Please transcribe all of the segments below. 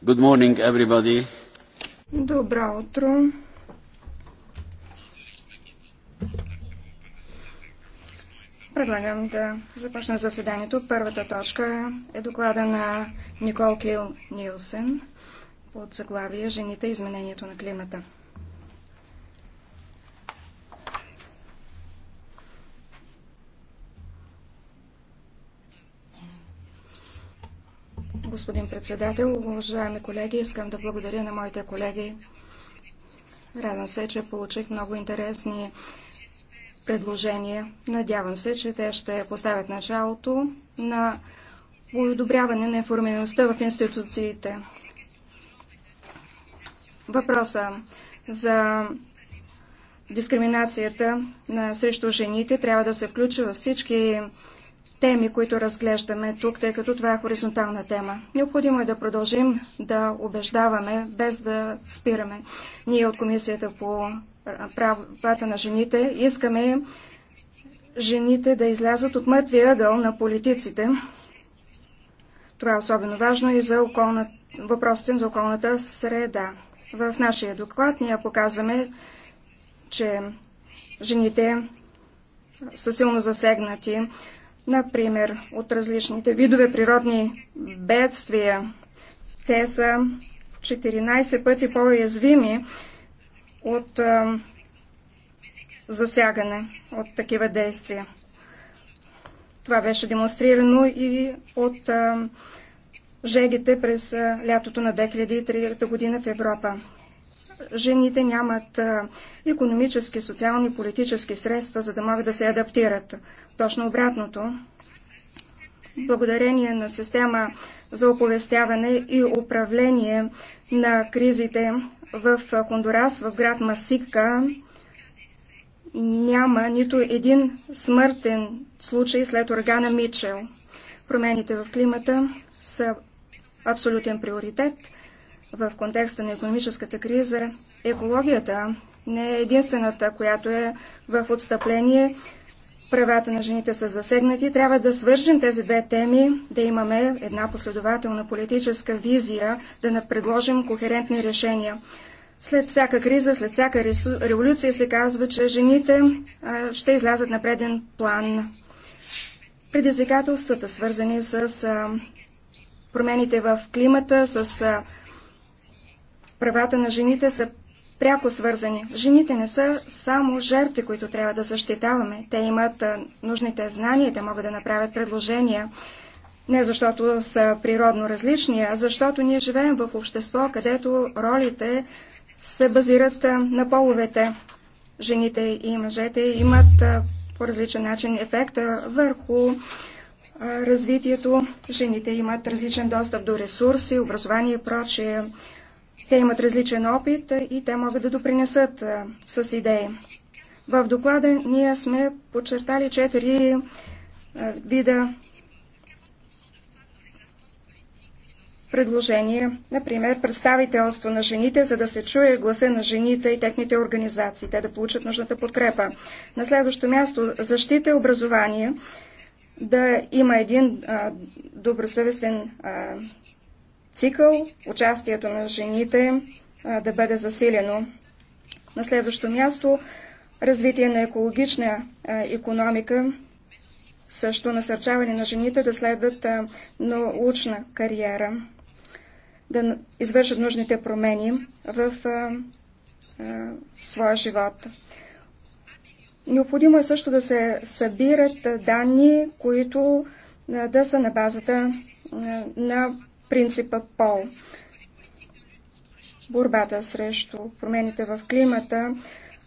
Good morning, everybody. Добро утро. Предлагам да започна заседанието. Първата точка е доклада на Никол Кил Нилсен под заглавие Жените и изменението на климата. господин председател. Уважаеми колеги, искам да благодаря на моите колеги. Радвам се, че получих много интересни предложения. Надявам се, че те ще поставят началото на удобряване на информираността в институциите. Въпроса за дискриминацията на срещу жените трябва да се включи във всички теми, които разглеждаме тук, тъй като това е хоризонтална тема. Необходимо е да продължим да убеждаваме, без да спираме. Ние от Комисията по правата на жените искаме жените да излязат от мъртвия ъгъл на политиците. Това е особено важно и за околна... въпросите за околната среда. В нашия доклад ние показваме, че жените са силно засегнати например, от различните видове природни бедствия. Те са 14 пъти по язвими от а, засягане от такива действия. Това беше демонстрирано и от а, жегите през а, лятото на 2003 година в Европа жените нямат економически, социални, политически средства, за да могат да се адаптират. Точно обратното. Благодарение на система за оповестяване и управление на кризите в Хондурас, в град Масика, няма нито един смъртен случай след органа Мичел. Промените в климата са абсолютен приоритет – в контекста на економическата криза, екологията не е единствената, която е в отстъпление. Правата на жените са засегнати. Трябва да свържем тези две теми, да имаме една последователна политическа визия, да предложим кохерентни решения. След всяка криза, след всяка революция се казва, че жените ще излязат на преден план. Предизвикателствата, свързани с промените в климата, с правата на жените са пряко свързани. Жените не са само жертви, които трябва да защитаваме. Те имат нужните знания, те могат да направят предложения. Не защото са природно различни, а защото ние живеем в общество, където ролите се базират на половете. Жените и мъжете имат по различен начин ефекта върху развитието. Жените имат различен достъп до ресурси, образование и прочее. Те имат различен опит и те могат да допринесат с идеи. В доклада ние сме подчертали четири вида предложения, например представителство на жените, за да се чуе гласа на жените и техните организации, те да получат нужната подкрепа. На следващо място защита и образование, да има един а, добросъвестен а, цикъл, участието на жените да бъде засилено. На следващо място развитие на екологична економика, също насърчаване на жените да следват научна кариера, да извършат нужните промени в своя живот. Необходимо е също да се събират данни, които да са на базата на принципа пол. Борбата срещу промените в климата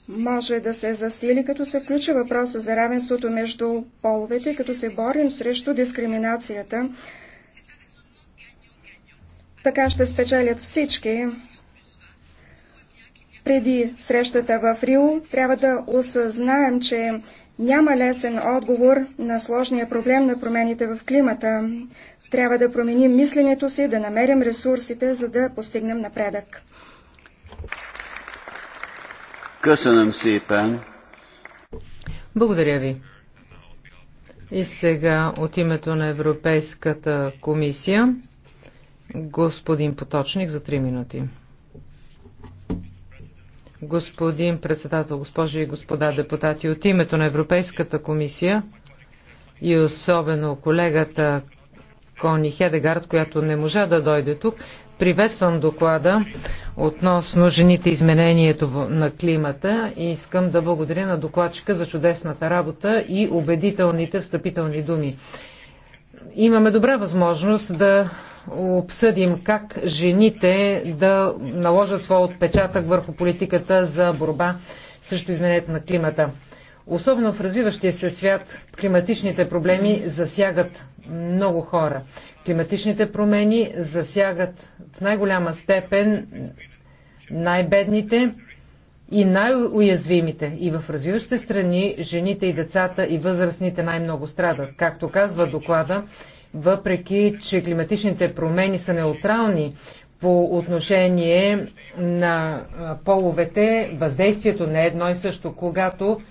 може да се засили, като се включи въпроса за равенството между половете, като се борим срещу дискриминацията. Така ще спечелят всички. Преди срещата в Рио трябва да осъзнаем, че няма лесен отговор на сложния проблем на промените в климата. Трябва да променим мисленето си, да намерим ресурсите, за да постигнем напредък. Благодаря ви. И сега от името на Европейската комисия господин Поточник за 3 минути. Господин председател, госпожи и господа депутати, от името на Европейската комисия и особено колегата Кони Хедегард, която не можа да дойде тук. Приветствам доклада относно жените изменението на климата и искам да благодаря на докладчика за чудесната работа и убедителните встъпителни думи. Имаме добра възможност да обсъдим как жените да наложат своя отпечатък върху политиката за борба срещу изменението на климата. Особено в развиващия се свят климатичните проблеми засягат много хора. Климатичните промени засягат в най-голяма степен най-бедните и най-уязвимите. И в развиващите страни жените и децата и възрастните най-много страдат. Както казва доклада, въпреки че климатичните промени са неутрални по отношение на половете, въздействието не е едно и също. Когато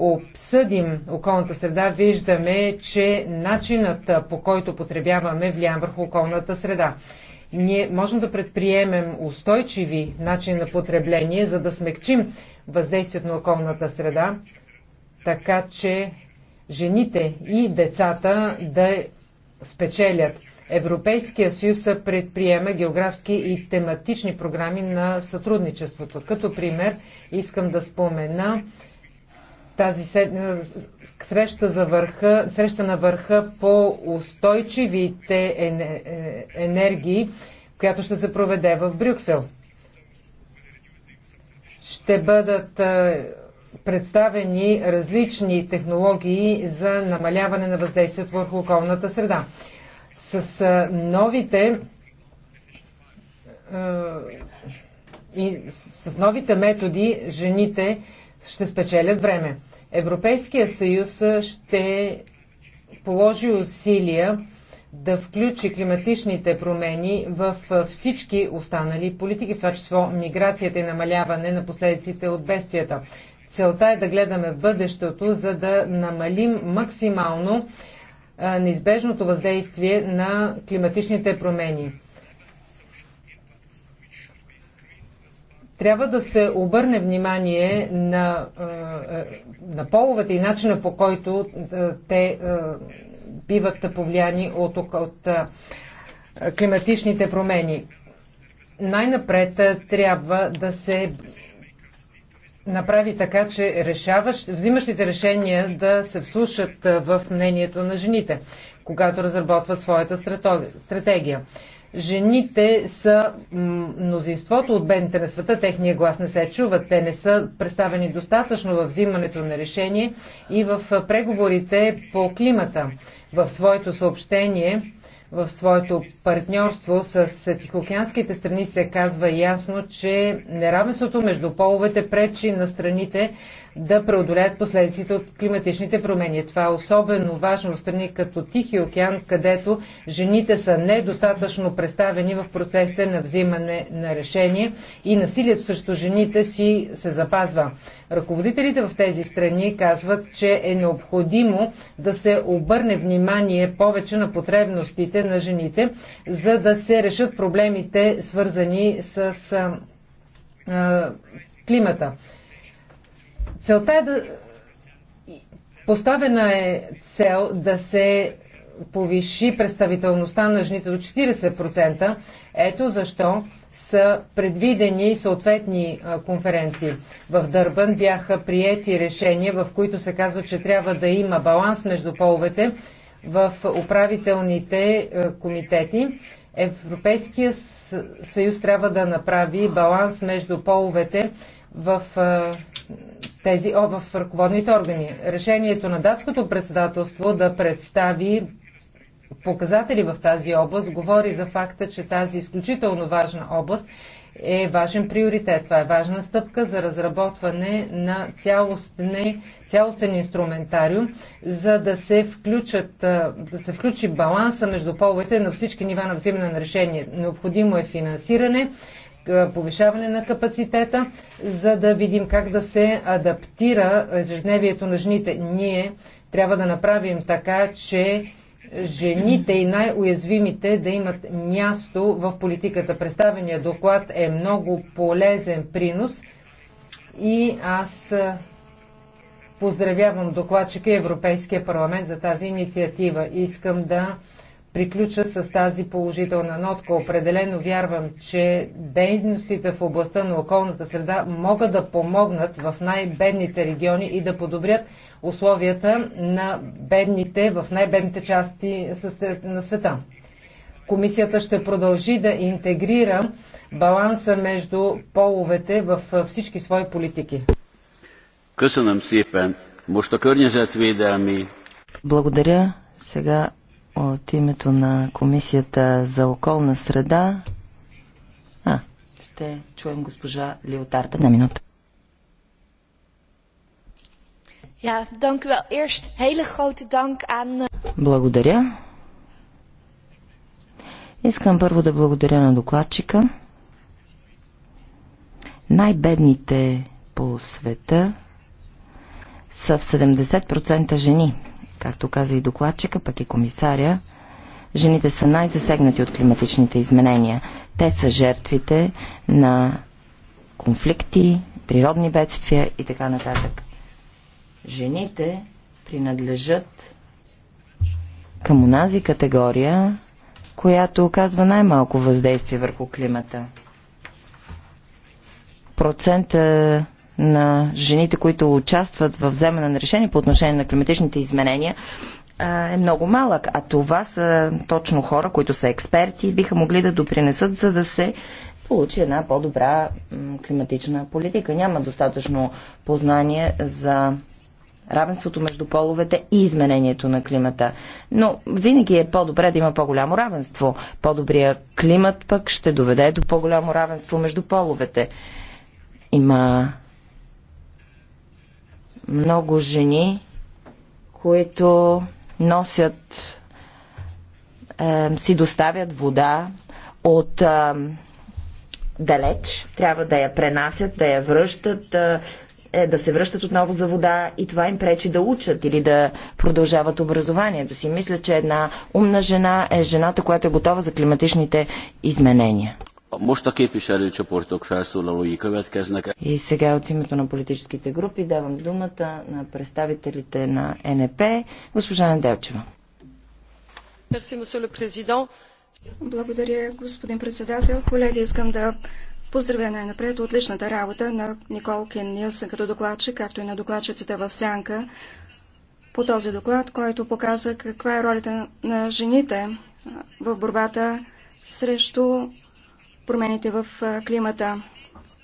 обсъдим околната среда, виждаме, че начинът по който потребяваме влияе върху околната среда. Ние можем да предприемем устойчиви начини на потребление, за да смекчим въздействието на околната среда, така че жените и децата да спечелят. Европейския съюз предприема географски и тематични програми на сътрудничеството. Като пример искам да спомена тази среща, за върха, среща на върха по устойчивите е, енергии, която ще се проведе в Брюксел. Ще бъдат е, представени различни технологии за намаляване на въздействието върху околната среда. С е, новите и с новите методи жените ще спечелят време. Европейския съюз ще положи усилия да включи климатичните промени в всички останали политики, в това число миграцията и намаляване на последиците от бедствията. Целта е да гледаме бъдещето, за да намалим максимално неизбежното въздействие на климатичните промени. Трябва да се обърне внимание на, е, е, на половете и начина по който е, те биват повлияни от, от климатичните промени. Най-напред трябва да се направи така, че решаваш, взимащите решения да се вслушат в мнението на жените, когато разработват своята стратегия. Жените са мнозинството от бедните на света, техния глас не се чува, те не са представени достатъчно в взимането на решение и в преговорите по климата. В своето съобщение в своето партньорство с тихоокеанските страни се казва ясно, че неравенството между половете пречи на страните да преодолеят последиците от климатичните промени. Това е особено важно в страни като Тихи океан, където жените са недостатъчно представени в процесите на взимане на решение и насилието срещу жените си се запазва. Ръководителите в тези страни казват, че е необходимо да се обърне внимание повече на потребностите на жените, за да се решат проблемите, свързани с а, а, климата. Целта е да. Поставена е цел да се повиши представителността на жените до 40%. Ето защо са предвидени съответни конференции. В Дърбън бяха приети решения, в които се казва, че трябва да има баланс между половете в управителните комитети. Европейския съюз трябва да направи баланс между половете в, тези, о, в ръководните органи. Решението на датското председателство да представи показатели в тази област говори за факта, че тази изключително важна област е важен приоритет. Това е важна стъпка за разработване на цялостни цялостен инструментариум, за да се, включат, да се включи баланса между половете на всички нива на взимане на решение. Необходимо е финансиране, повишаване на капацитета, за да видим как да се адаптира ежедневието на жените. Ние трябва да направим така, че жените и най-уязвимите да имат място в политиката. Представения доклад е много полезен принос и аз поздравявам докладчика и Европейския парламент за тази инициатива. Искам да приключа с тази положителна нотка. Определено вярвам, че дейностите в областта на околната среда могат да помогнат в най-бедните региони и да подобрят условията на бедните в най-бедните части на света. Комисията ще продължи да интегрира баланса между половете в всички свои политики. Благодаря. Сега от името на Комисията за околна среда. А, ще чуем госпожа Лиотард. Една минута. Ja, dank u wel. Eerst hele grote dank aan... Eh, благодаря. Искам първо да благодаря на докладчика. Най-бедните по света са в 70% жени. Както каза и докладчика, пък и комисаря, жените са най-засегнати от климатичните изменения. Те са жертвите на конфликти, природни бедствия и така нататък. Жените принадлежат към онази категория, която оказва най-малко въздействие върху климата. Процента на жените, които участват в вземане на решение по отношение на климатичните изменения, е много малък. А това са точно хора, които са експерти и биха могли да допринесат, за да се получи една по-добра климатична политика. Няма достатъчно познание за равенството между половете и изменението на климата. Но винаги е по-добре да има по-голямо равенство. По-добрия климат пък ще доведе до по-голямо равенство между половете. Има много жени, които носят, е, си доставят вода от е, далеч, трябва да я пренасят, да я връщат, е, да се връщат отново за вода и това им пречи да учат или да продължават образованието си. Мисля, че една умна жена е жената, която е готова за климатичните изменения. И сега от името на политическите групи давам думата на представителите на НП, госпожа Неделчева. Благодаря, господин председател. Колеги, искам да поздравя най-напред отличната работа на Никол Кенниас като докладчик, както и на докладчиците в Сянка по този доклад, който показва каква е ролята на жените в борбата срещу промените в климата.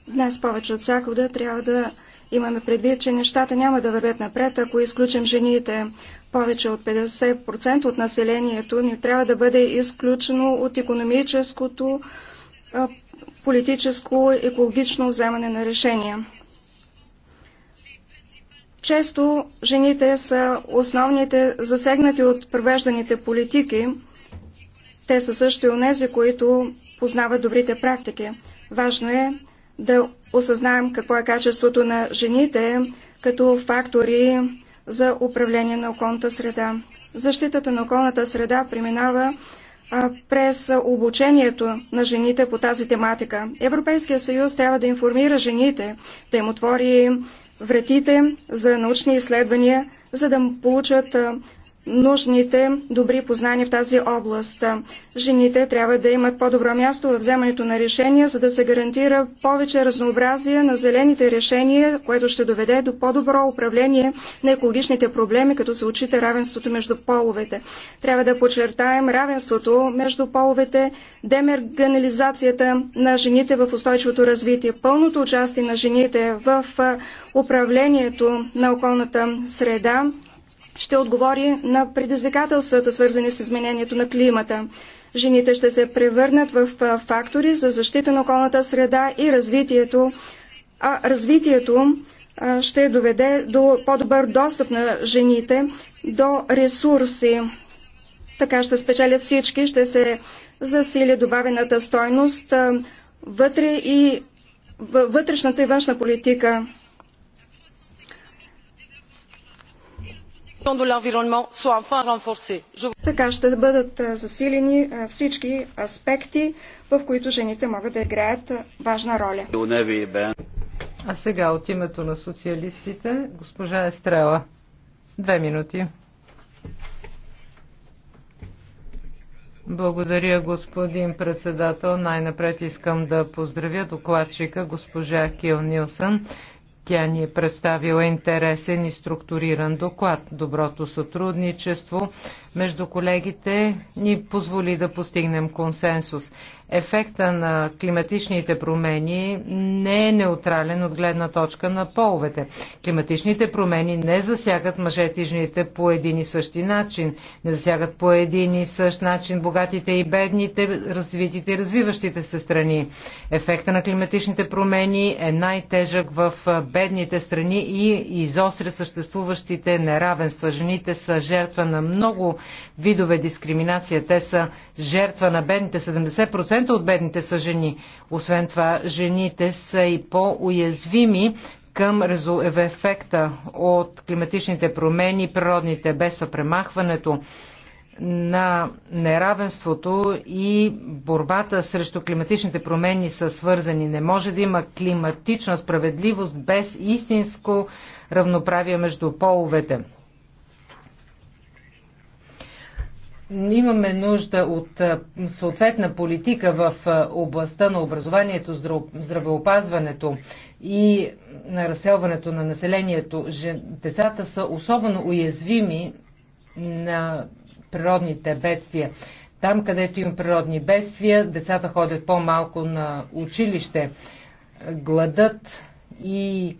Днес повече от всякога трябва да имаме предвид, че нещата няма да вървят напред, ако изключим жените. Повече от 50% от населението ни трябва да бъде изключено от економическото, политическо, екологично вземане на решения. Често жените са основните засегнати от провежданите политики – те са също и онези, които познават добрите практики. Важно е да осъзнаем какво е качеството на жените като фактори за управление на околната среда. Защитата на околната среда преминава през обучението на жените по тази тематика. Европейския съюз трябва да информира жените, да им отвори вратите за научни изследвания, за да получат нужните добри познания в тази област. Жените трябва да имат по-добро място в вземането на решения, за да се гарантира повече разнообразие на зелените решения, което ще доведе до по-добро управление на екологичните проблеми, като се отчита равенството между половете. Трябва да подчертаем равенството между половете, демерганализацията на жените в устойчивото развитие, пълното участие на жените в управлението на околната среда, ще отговори на предизвикателствата, свързани с изменението на климата. Жените ще се превърнат в фактори за защита на околната среда и развитието, а развитието ще доведе до по-добър достъп на жените до ресурси. Така ще спечелят всички, ще се засили добавената стойност вътре и вътрешната и външна политика. Така ще бъдат е, засилени е, всички аспекти, в които жените могат да играят е, важна роля. А сега от името на социалистите, госпожа Естрела. Две минути. Благодаря, господин председател. Най-напред искам да поздравя докладчика госпожа Кил Нилсън тя ни е представила интересен и структуриран доклад. Доброто сътрудничество между колегите ни позволи да постигнем консенсус ефекта на климатичните промени не е неутрален от гледна точка на половете. Климатичните промени не засягат мъжете и жените по един и същи начин. Не засягат по един и същ начин богатите и бедните, развитите и развиващите се страни. Ефекта на климатичните промени е най-тежък в бедните страни и изостря съществуващите неравенства. Жените са жертва на много видове дискриминация. Те са жертва на бедните 70% 90% от бедните са жени. Освен това, жените са и по-уязвими към ефекта от климатичните промени, природните бедства, премахването на неравенството и борбата срещу климатичните промени са свързани. Не може да има климатична справедливост без истинско равноправие между половете. имаме нужда от съответна политика в областта на образованието, здравеопазването и на разселването на населението. Децата са особено уязвими на природните бедствия. Там, където има природни бедствия, децата ходят по-малко на училище. Гладът и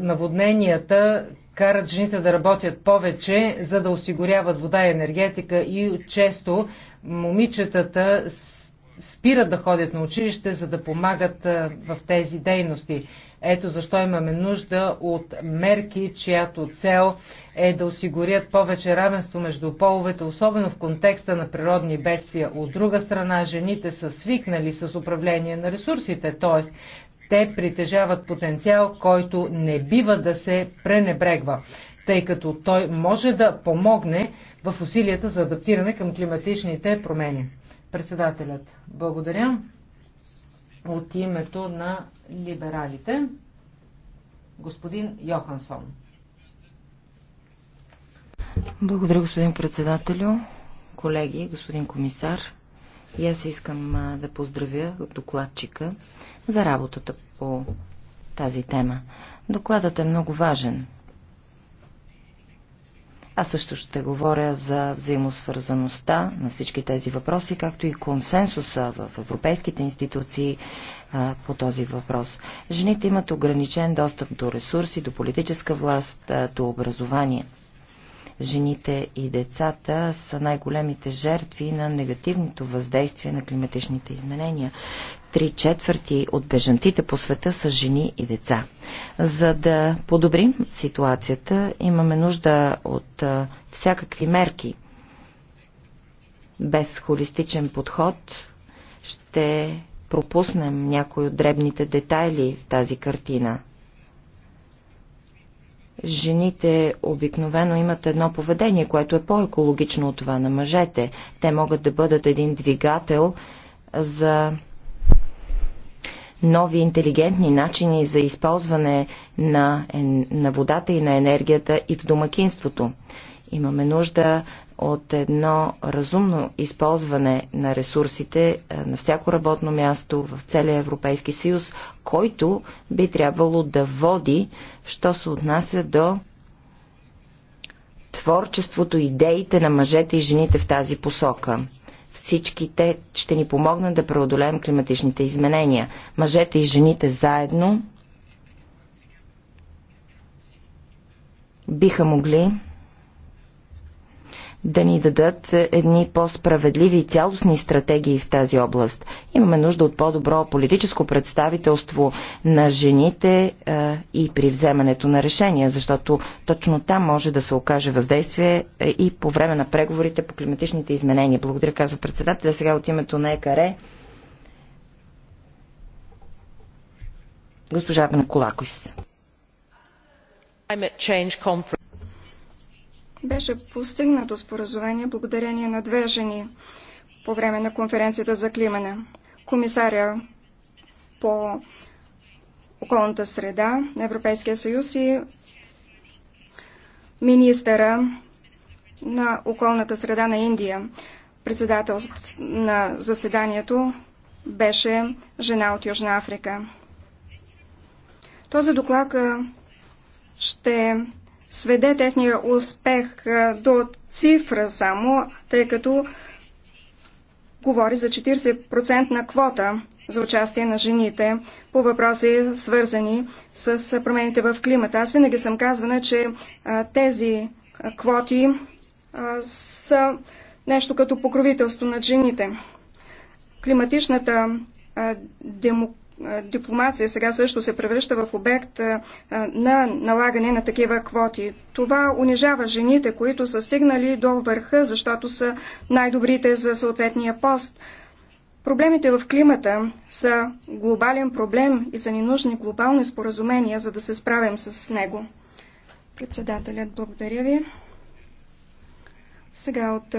наводненията карат жените да работят повече, за да осигуряват вода и енергетика и често момичетата спират да ходят на училище, за да помагат в тези дейности. Ето защо имаме нужда от мерки, чиято цел е да осигурят повече равенство между половете, особено в контекста на природни бедствия. От друга страна, жените са свикнали с управление на ресурсите, т.е. Те притежават потенциал, който не бива да се пренебрегва, тъй като той може да помогне в усилията за адаптиране към климатичните промени. Председателят, благодаря. От името на либералите, господин Йохансон. Благодаря, господин председателю, колеги, господин комисар. И аз искам да поздравя докладчика за работата по тази тема. Докладът е много важен. Аз също ще говоря за взаимосвързаността на всички тези въпроси, както и консенсуса в европейските институции а, по този въпрос. Жените имат ограничен достъп до ресурси, до политическа власт, а, до образование – жените и децата са най-големите жертви на негативното въздействие на климатичните изменения. Три четвърти от бежанците по света са жени и деца. За да подобрим ситуацията, имаме нужда от всякакви мерки. Без холистичен подход ще пропуснем някои от дребните детайли в тази картина – жените обикновено имат едно поведение, което е по-екологично от това на мъжете. Те могат да бъдат един двигател за нови интелигентни начини за използване на, на водата и на енергията и в домакинството. Имаме нужда от едно разумно използване на ресурсите е, на всяко работно място в целия Европейски съюз, който би трябвало да води що се отнася до творчеството, идеите на мъжете и жените в тази посока. Всички те ще ни помогнат да преодолеем климатичните изменения. Мъжете и жените заедно биха могли да ни дадат едни по-справедливи и цялостни стратегии в тази област. Имаме нужда от по-добро политическо представителство на жените е, и при вземането на решения, защото точно там може да се окаже въздействие е, и по време на преговорите по климатичните изменения. Благодаря, казва председателя. Сега от името на ЕКАРЕ. Госпожа Венколакос. Беше постигнато споразумение благодарение на две жени по време на конференцията за климане. Комисаря по околната среда на Европейския съюз и министъра на околната среда на Индия. Председател на заседанието беше жена от Южна Африка. Този доклад ще сведе техния успех до цифра само, тъй като говори за 40% на квота за участие на жените по въпроси свързани с промените в климата. Аз винаги съм казвана, че тези квоти са нещо като покровителство на жените. Климатичната демокрация дипломация сега също се превръща в обект на налагане на такива квоти. Това унижава жените, които са стигнали до върха, защото са най-добрите за съответния пост. Проблемите в климата са глобален проблем и са ни нужни глобални споразумения, за да се справим с него. Председателят, благодаря ви. Сега от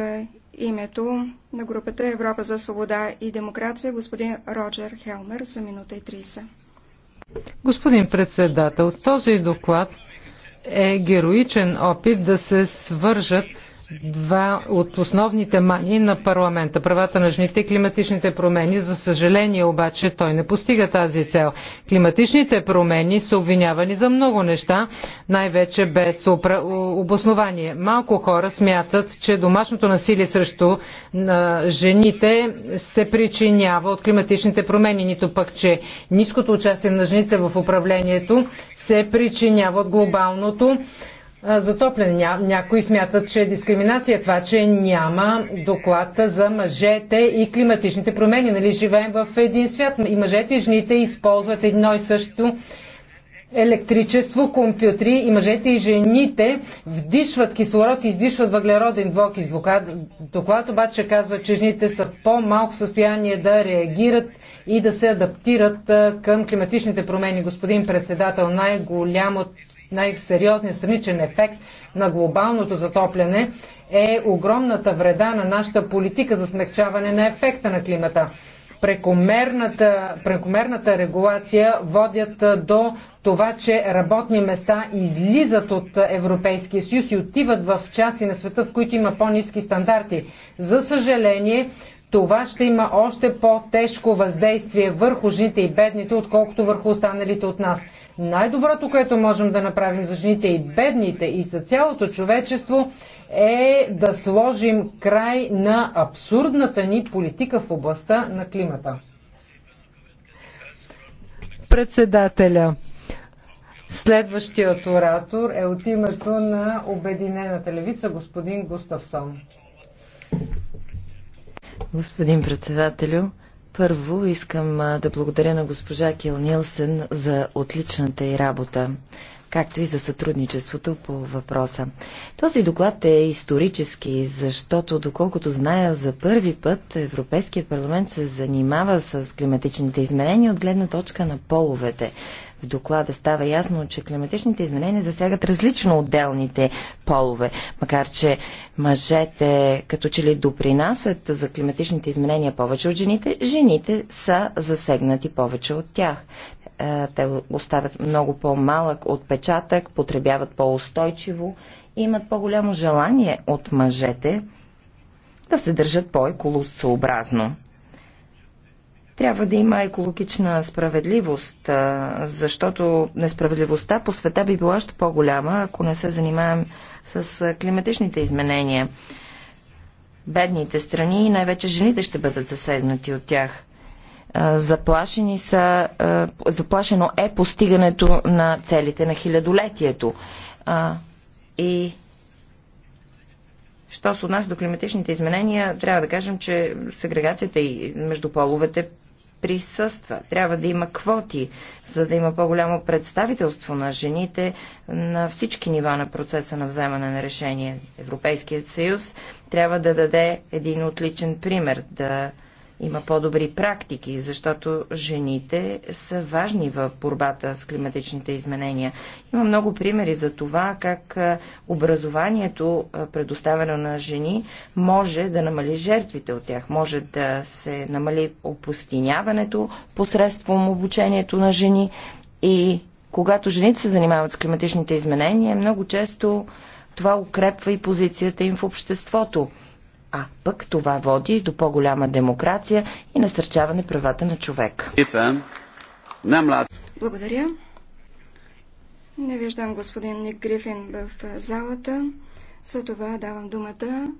името на групата Европа за свобода и демокрация господин Роджер Хелмер за минута и 30. Господин председател, този доклад е героичен опит да се свържат два от основните мани на парламента. Правата на жените и климатичните промени. За съжаление обаче той не постига тази цел. Климатичните промени са обвинявани за много неща, най-вече без обоснование. Малко хора смятат, че домашното насилие срещу на жените се причинява от климатичните промени, нито пък, че ниското участие на жените в управлението се причинява от глобалното затоплене. Ня, някои смятат, че е дискриминация това, че няма доклад за мъжете и климатичните промени. Нали живеем в един свят. И мъжете и жените използват едно и също електричество, компютри и мъжете и жените вдишват кислород и издишват въглероден двокис. Доклад обаче казва, че жените са в по-малко състояние да реагират и да се адаптират към климатичните промени. Господин председател, най-голям от най-сериозният страничен ефект на глобалното затопляне е огромната вреда на нашата политика за смягчаване на ефекта на климата. Прекомерната, прекомерната регулация водят до това, че работни места излизат от Европейския съюз и отиват в части на света, в които има по-низки стандарти. За съжаление, това ще има още по-тежко въздействие върху жените и бедните, отколкото върху останалите от нас. Най-доброто, което можем да направим за жените и бедните и за цялото човечество е да сложим край на абсурдната ни политика в областта на климата. Председателя. Следващият оратор е от името на Обединената левица господин Густавсон. Господин председателю, първо искам да благодаря на госпожа Кил Нилсен за отличната й работа както и за сътрудничеството по въпроса. Този доклад е исторически, защото, доколкото зная, за първи път Европейският парламент се занимава с климатичните изменения от гледна точка на половете. В доклада става ясно, че климатичните изменения засягат различно отделните полове, макар че мъжете като че ли допринасят за климатичните изменения повече от жените, жените са засегнати повече от тях. Е, те оставят много по-малък отпечатък, потребяват по-устойчиво и имат по-голямо желание от мъжете да се държат по-еколосообразно. Трябва да има екологична справедливост, е, защото несправедливостта по света би била още по-голяма, ако не се занимаем с е, климатичните изменения. Бедните страни и най-вече жените ще бъдат засегнати от тях. Заплашени са, заплашено е постигането на целите на хилядолетието. И Що се отнася до климатичните изменения, трябва да кажем, че сегрегацията и между половете присъства. Трябва да има квоти, за да има по-голямо представителство на жените на всички нива на процеса на вземане на решение. Европейският съюз трябва да даде един отличен пример, да има по-добри практики, защото жените са важни в борбата с климатичните изменения. Има много примери за това как образованието, предоставено на жени, може да намали жертвите от тях, може да се намали опустиняването посредством обучението на жени и когато жените се занимават с климатичните изменения, много често това укрепва и позицията им в обществото. А пък това води до по-голяма демокрация и насърчаване правата на човек. Благодаря. Не виждам господин Ник Грифин в залата. За това давам думата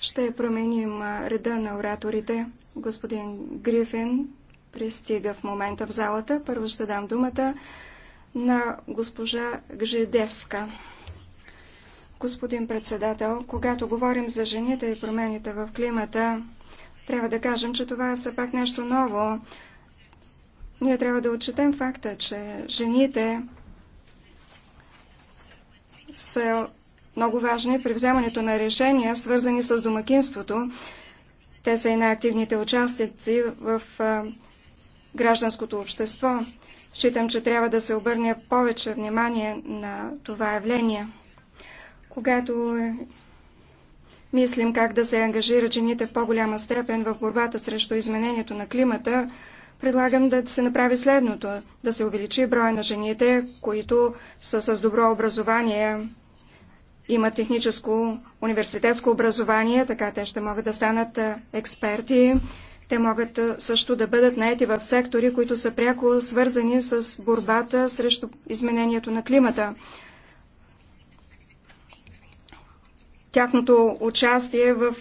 Ще променим реда на ораторите. Господин Грифин пристига в момента в залата. Първо ще дам думата на госпожа Гжедевска. Господин председател, когато говорим за жените и промените в климата, трябва да кажем, че това е все пак нещо ново. Ние трябва да отчетем факта, че жените са много важни при вземането на решения, свързани с домакинството. Те са и най-активните участници в гражданското общество. Считам, че трябва да се обърне повече внимание на това явление. Когато мислим как да се ангажират жените в по-голяма степен в борбата срещу изменението на климата, предлагам да се направи следното. Да се увеличи броя на жените, които са с добро образование, имат техническо университетско образование, така те ще могат да станат експерти, те могат също да бъдат наети в сектори, които са пряко свързани с борбата срещу изменението на климата. Тяхното участие в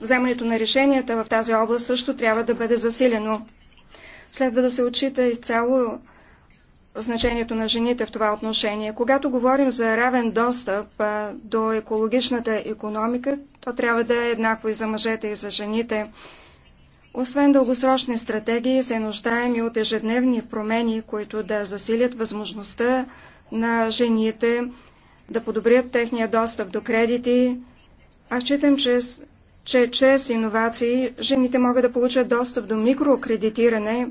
вземането на решенията в тази област също трябва да бъде засилено. Следва да се отчита изцяло значението на жените в това отношение. Когато говорим за равен достъп до екологичната економика, то трябва да е еднакво и за мъжете, и за жените. Освен дългосрочни стратегии, се нуждаем и от ежедневни промени, които да засилят възможността на жените да подобрят техния достъп до кредити. Аз считам, че, че чрез иновации жените могат да получат достъп до микрокредитиране.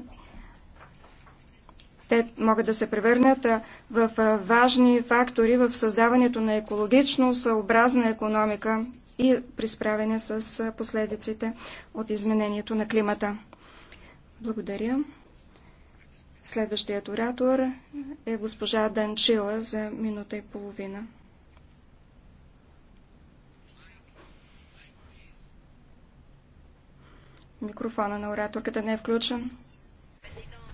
Те могат да се превърнат в важни фактори в създаването на екологично съобразна економика и при справяне с последиците от изменението на климата. Благодаря. Следващият оратор е госпожа Данчила за минута и половина. Микрофона на ораторката не е включен.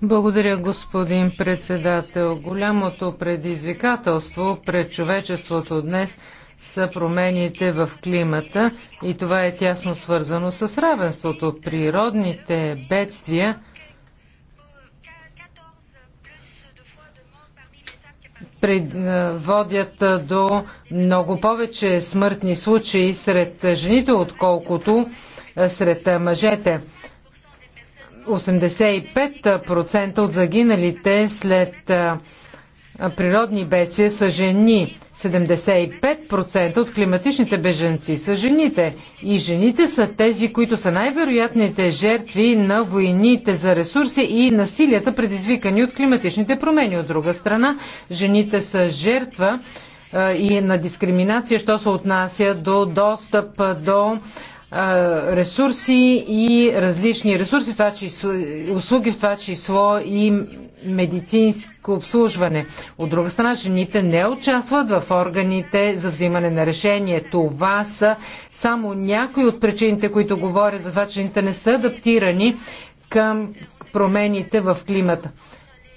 Благодаря, господин председател. Голямото предизвикателство пред човечеството днес – са промените в климата и това е тясно свързано с равенството. Природните бедствия е, водят е, до много повече смъртни случаи сред жените, отколкото е, сред мъжете. 85% от загиналите след природни бедствия са жени. 75% от климатичните беженци са жените. И жените са тези, които са най-вероятните жертви на войните за ресурси и насилията, предизвикани от климатичните промени. От друга страна, жените са жертва и на дискриминация, що се отнася до достъп до ресурси и различни ресурси, това число, услуги, в това число и медицинско обслужване. От друга страна, жените не участват в органите за взимане на решение. Това са само някои от причините, които говорят за това, че жените не са адаптирани към промените в климата.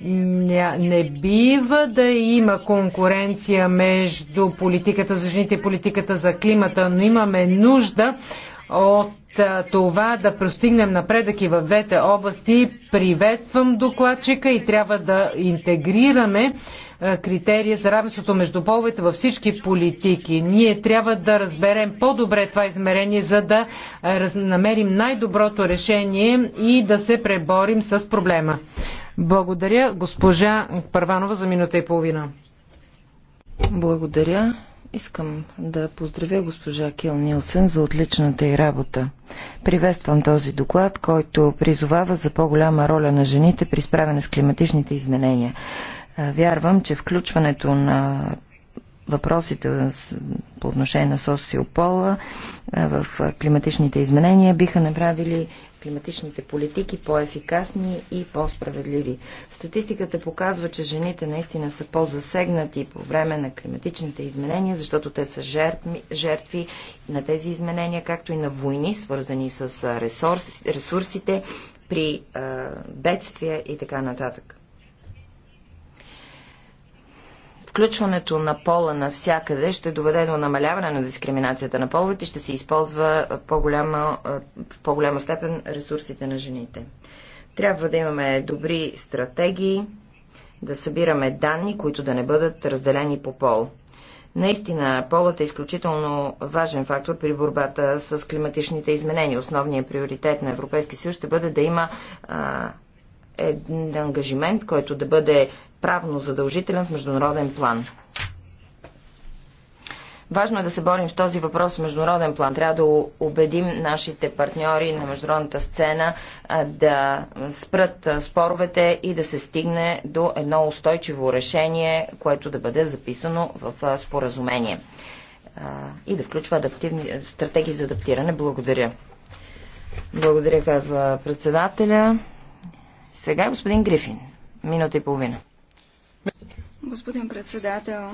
не бива да има конкуренция между политиката за жените и политиката за климата, но имаме нужда от това да простигнем напредък и в двете области. Приветствам докладчика и трябва да интегрираме критерия за равенството между половете във всички политики. Ние трябва да разберем по-добре това измерение, за да намерим най-доброто решение и да се преборим с проблема. Благодаря госпожа Първанова за минута и половина. Благодаря. Искам да поздравя госпожа Кил Нилсен за отличната й работа. Приветствам този доклад, който призовава за по-голяма роля на жените при справяне с климатичните изменения. Вярвам, че включването на въпросите по отношение на социопола в климатичните изменения биха направили климатичните политики по-ефикасни и по-справедливи. Статистиката показва, че жените наистина са по-засегнати по време на климатичните изменения, защото те са жертви, жертви на тези изменения, както и на войни, свързани с ресурс, ресурсите при бедствия и така нататък. Включването на пола навсякъде ще доведе до намаляване на дискриминацията на половете и ще се използва в по-голяма, по-голяма степен ресурсите на жените. Трябва да имаме добри стратегии, да събираме данни, които да не бъдат разделени по пол. Наистина, полът е изключително важен фактор при борбата с климатичните изменения. Основният приоритет на Европейския съюз ще бъде да има а, един ангажимент, който да бъде правно задължителен в международен план. Важно е да се борим в този въпрос в международен план. Трябва да убедим нашите партньори на международната сцена да спрат споровете и да се стигне до едно устойчиво решение, което да бъде записано в споразумение и да включва адаптивни стратегии за адаптиране. Благодаря. Благодаря, казва председателя. Сега господин Грифин. Минута и половина. Господин председател,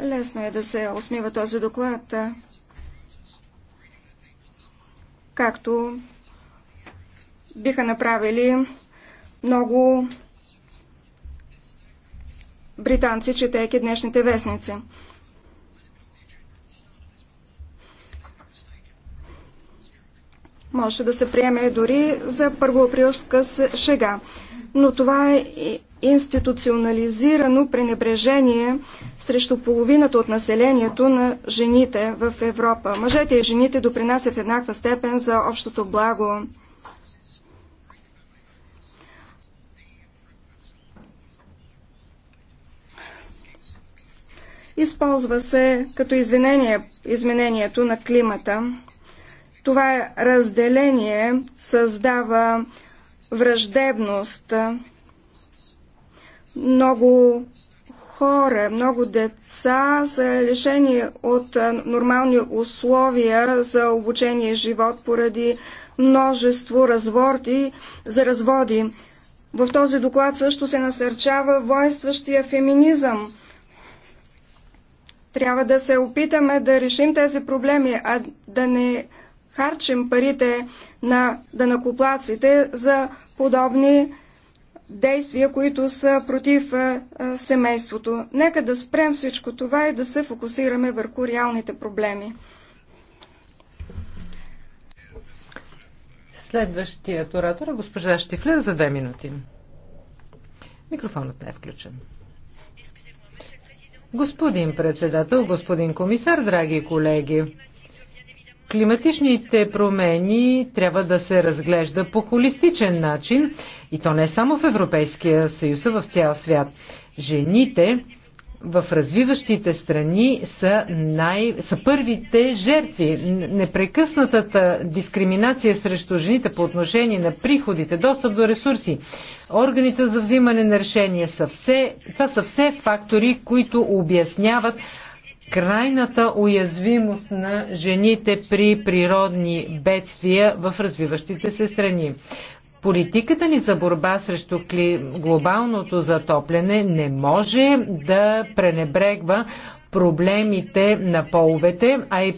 лесно е да се усмива този доклад, както биха направили много британци, четейки днешните вестници. Може да се приеме дори за първоаприлска шега. Но това е институционализирано пренебрежение срещу половината от населението на жените в Европа. Мъжете и жените допринасят в еднаква степен за общото благо. Използва се като извинение изменението на климата. Това разделение създава враждебност. Много хора, много деца са лишени от нормални условия за обучение и живот поради множество разворти за разводи. В този доклад също се насърчава воинстващия феминизъм. Трябва да се опитаме да решим тези проблеми, а да не харчим парите на данакоплаците за подобни действия, които са против семейството. Нека да спрем всичко това и да се фокусираме върху реалните проблеми. Следващият оратор е госпожа Штифлер за две минути. Микрофонът не е включен. Господин председател, господин комисар, драги колеги, климатичните промени трябва да се разглежда по холистичен начин и то не само в Европейския съюз, а в цял свят. Жените в развиващите страни са, най... са първите жертви. Непрекъснатата дискриминация срещу жените по отношение на приходите, достъп до ресурси, органите за взимане на решения са все, това са все фактори, които обясняват крайната уязвимост на жените при природни бедствия в развиващите се страни. Политиката ни за борба срещу глобалното затопляне не може да пренебрегва проблемите на половете, а и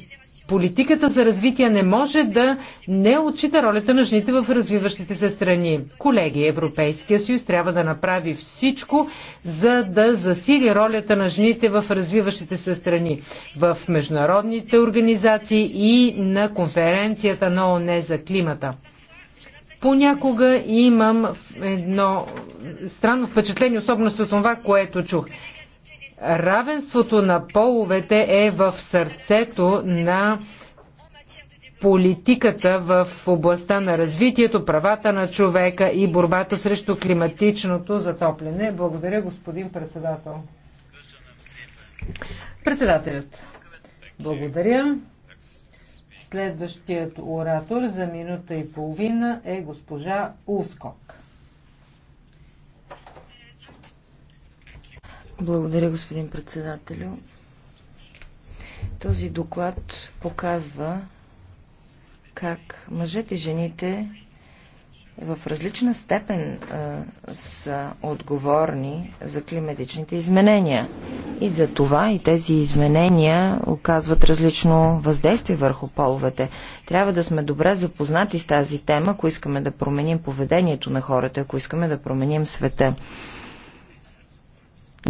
Политиката за развитие не може да не отчита ролята на жените в развиващите се страни. Колеги, Европейския съюз трябва да направи всичко, за да засили ролята на жените в развиващите се страни, в международните организации и на конференцията на ОНЕ за климата. Понякога имам едно странно впечатление, особено с това, което чух. Равенството на половете е в сърцето на политиката в областта на развитието, правата на човека и борбата срещу климатичното затопляне. Благодаря, господин председател. Председателят. Благодаря. Следващият оратор за минута и половина е госпожа Ускок. Благодаря, господин председателю. Този доклад показва как мъжете и жените в различна степен а, са отговорни за климатичните изменения. И за това и тези изменения оказват различно въздействие върху половете. Трябва да сме добре запознати с тази тема, ако искаме да променим поведението на хората, ако искаме да променим света.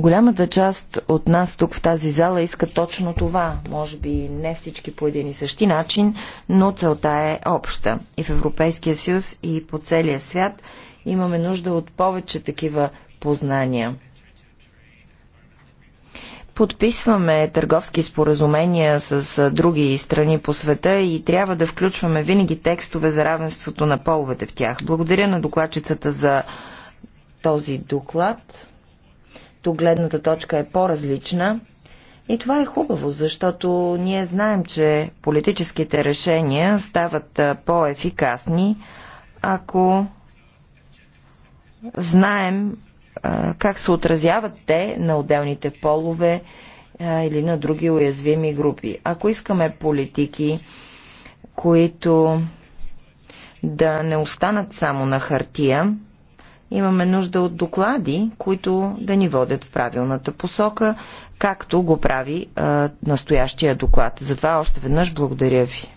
Голямата част от нас тук в тази зала иска точно това. Може би не всички по един и същи начин, но целта е обща. И в Европейския съюз, и по целия свят имаме нужда от повече такива познания. Подписваме търговски споразумения с други страни по света и трябва да включваме винаги текстове за равенството на половете в тях. Благодаря на докладчицата за този доклад. Тук гледната точка е по-различна. И това е хубаво, защото ние знаем, че политическите решения стават по-ефикасни, ако знаем как се отразяват те на отделните полове или на други уязвими групи. Ако искаме политики, които да не останат само на хартия, Имаме нужда от доклади, които да ни водят в правилната посока, както го прави а, настоящия доклад. Затова още веднъж благодаря ви.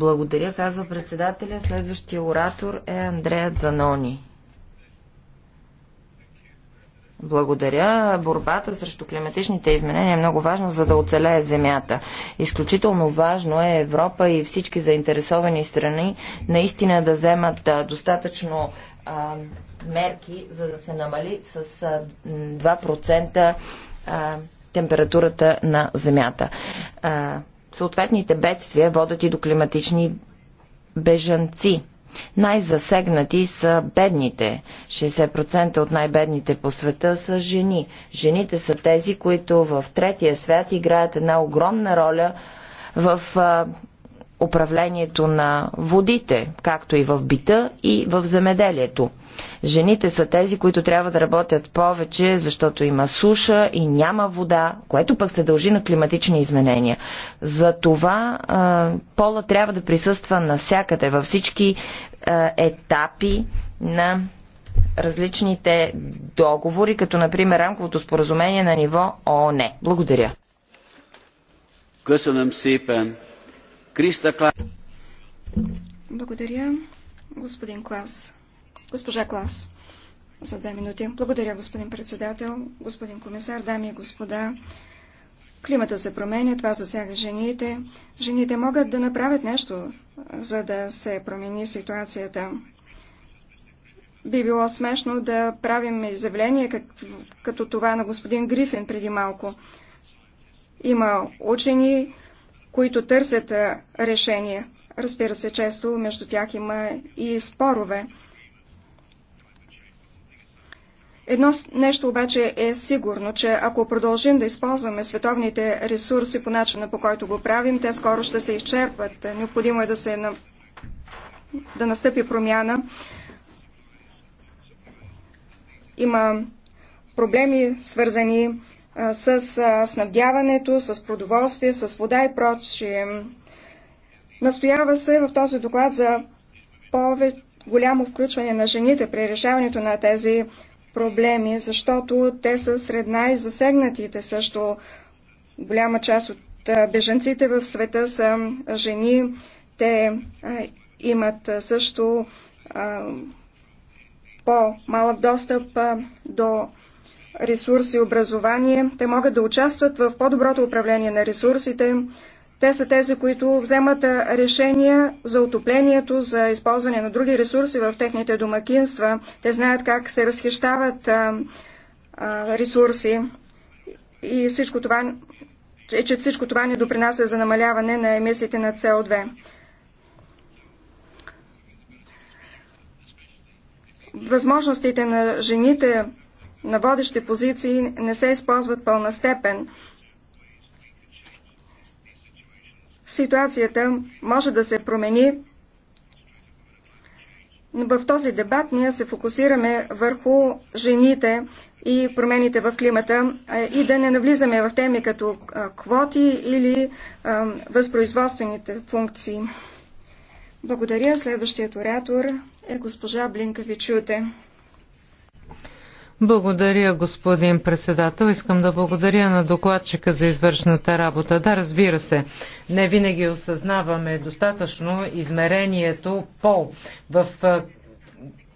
Благодаря, казва председателя. Следващия оратор е Андрея Занони. Благодаря. Борбата срещу климатичните изменения е много важна, за да оцелее Земята. Изключително важно е Европа и всички заинтересовани страни наистина да вземат достатъчно а, мерки, за да се намали с а, 2% а, температурата на Земята. А, съответните бедствия водят и до климатични бежанци. Най-засегнати са бедните. 60% от най-бедните по света са жени. Жените са тези, които в третия свят играят една огромна роля в управлението на водите, както и в бита и в земеделието. Жените са тези, които трябва да работят повече, защото има суша и няма вода, което пък се дължи на климатични изменения. За това а, пола трябва да присъства навсякъде, във всички а, етапи на различните договори, като например рамковото споразумение на ниво ООН. Благодаря. Благодаря, господин Клас. Госпожа Клас, за две минути. Благодаря, господин председател, господин комисар, дами и господа. Климата се променя, това засяга жените. Жените могат да направят нещо, за да се промени ситуацията. Би било смешно да правим изявление като това на господин Грифин преди малко. Има учени, които търсят решение. Разбира се, често между тях има и спорове. Едно нещо обаче е сигурно, че ако продължим да използваме световните ресурси по начина по който го правим, те скоро ще се изчерпват. Необходимо е да, се, на... да настъпи промяна. Има проблеми, свързани с снабдяването, с продоволствие, с вода и прочие. Настоява се в този доклад за по-голямо включване на жените при решаването на тези проблеми, защото те са сред най-засегнатите също. Голяма част от беженците в света са жени. Те имат също по-малък достъп до ресурси и образование. Те могат да участват в по-доброто управление на ресурсите. Те са тези, които вземат решения за отоплението, за използване на други ресурси в техните домакинства. Те знаят как се разхищават а, а, ресурси и всичко това, е, че всичко това не допринася за намаляване на емисиите на СО2. Възможностите на жените на водещи позиции не се използват пълна степен. Ситуацията може да се промени, но в този дебат ние се фокусираме върху жените и промените в климата и да не навлизаме в теми като квоти или възпроизводствените функции. Благодаря. Следващият оратор е госпожа Блинка Вичуте. Благодаря, господин председател. Искам да благодаря на докладчика за извършната работа. Да, разбира се, не винаги осъзнаваме достатъчно измерението по в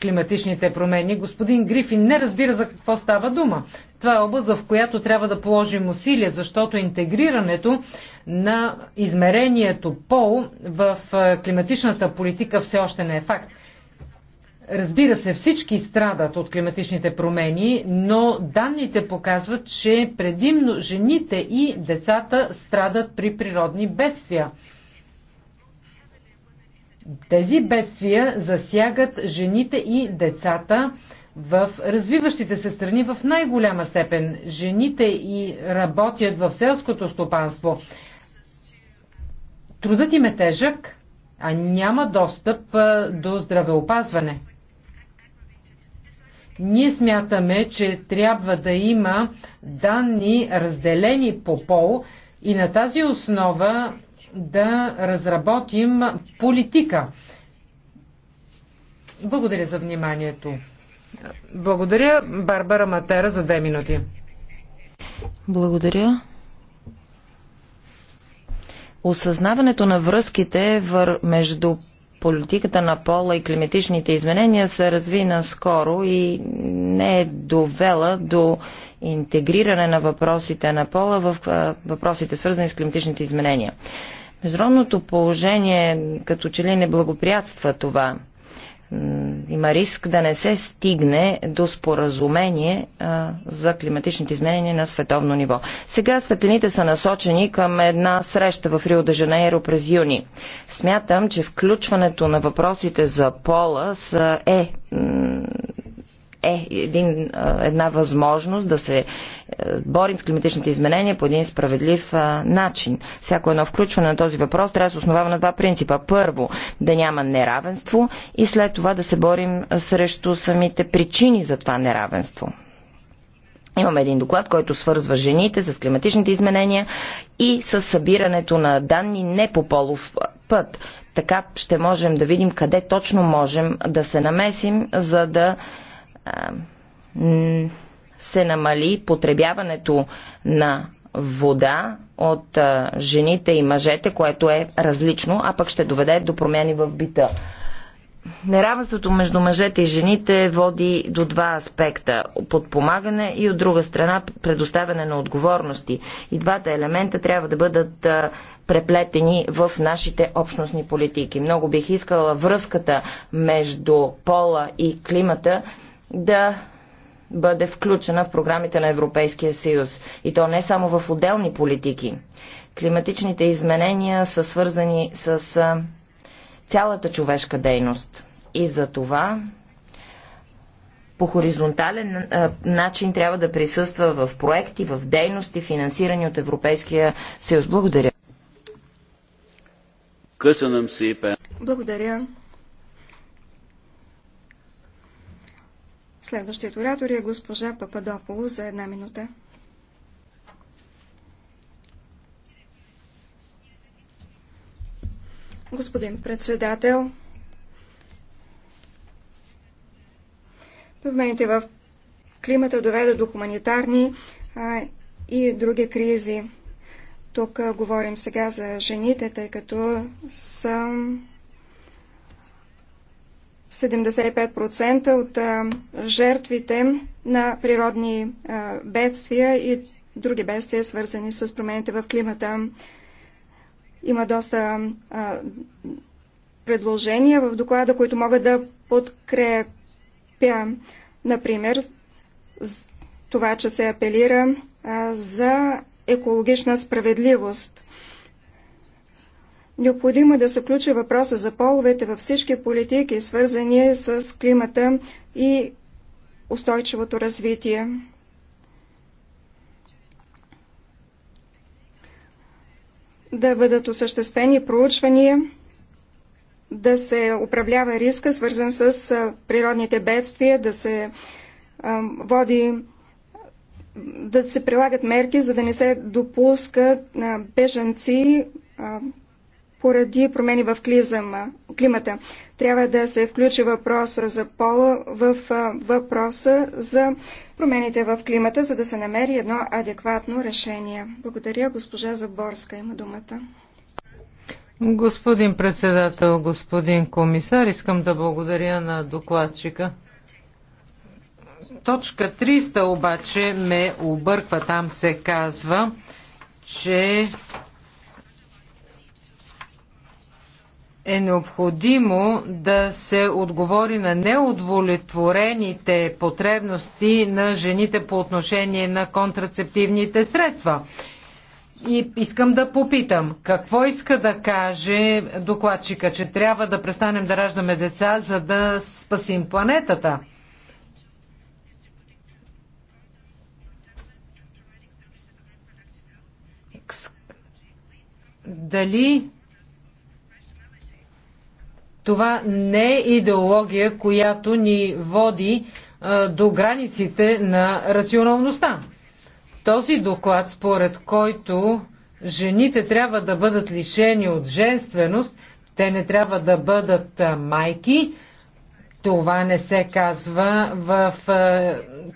климатичните промени. Господин Грифин не разбира за какво става дума. Това е област, в която трябва да положим усилия, защото интегрирането на измерението пол в климатичната политика все още не е факт. Разбира се, всички страдат от климатичните промени, но данните показват, че предимно жените и децата страдат при природни бедствия. Тези бедствия засягат жените и децата в развиващите се страни в най-голяма степен. Жените и работят в селското стопанство. Трудът им е тежък, а няма достъп до здравеопазване. Ние смятаме, че трябва да има данни разделени по пол и на тази основа да разработим политика. Благодаря за вниманието. Благодаря, Барбара Матера, за две минути. Благодаря. Осъзнаването на връзките между политиката на пола и климатичните изменения се разви наскоро и не е довела до интегриране на въпросите на пола в въпросите свързани с климатичните изменения. Международното положение като че ли не благоприятства това има риск да не се стигне до споразумение а, за климатичните изменения на световно ниво. Сега светлините са насочени към една среща в Рио де Жанейро през юни. Смятам, че включването на въпросите за пола са, е е един, една възможност да се е, борим с климатичните изменения по един справедлив начин. Всяко едно включване на този въпрос трябва да се основава на два принципа. Първо, да няма неравенство и след това да се борим срещу самите причини за това неравенство. Имаме един доклад, който свързва жените с климатичните изменения и с събирането на данни не по полов път. Така ще можем да видим къде точно можем да се намесим, за да се намали потребяването на вода от жените и мъжете, което е различно, а пък ще доведе до промени в бита. Неравенството между мъжете и жените води до два аспекта – подпомагане и от друга страна предоставяне на отговорности. И двата елемента трябва да бъдат преплетени в нашите общностни политики. Много бих искала връзката между пола и климата – да бъде включена в програмите на Европейския съюз. И то не само в отделни политики. Климатичните изменения са свързани с цялата човешка дейност. И за това по хоризонтален начин трябва да присъства в проекти, в дейности, финансирани от Европейския съюз. Благодаря. Благодаря. Следващият оратор е госпожа Пападополо за една минута. Господин председател, промените в климата доведе до хуманитарни а, и други кризи. Тук а, говорим сега за жените, тъй като съм 75% от жертвите на природни бедствия и други бедствия, свързани с промените в климата. Има доста предложения в доклада, които могат да подкрепя, например, това, че се апелира за екологична справедливост. Необходимо е да се включи въпроса за половете във всички политики, свързани с климата и устойчивото развитие. Да бъдат осъществени проучвания, да се управлява риска, свързан с природните бедствия, да се води да се прилагат мерки, за да не се допускат бежанци поради промени в клизъма, климата. Трябва да се включи въпроса за пола в въпроса за промените в климата, за да се намери едно адекватно решение. Благодаря, госпожа Заборска. Има думата. Господин председател, господин комисар, искам да благодаря на докладчика. Точка 300 обаче ме обърква. Там се казва, че е необходимо да се отговори на неудовлетворените потребности на жените по отношение на контрацептивните средства. И искам да попитам, какво иска да каже докладчика, че трябва да престанем да раждаме деца, за да спасим планетата? Дали това не е идеология, която ни води до границите на рационалността. Този доклад, според който жените трябва да бъдат лишени от женственост, те не трябва да бъдат майки, това не се казва в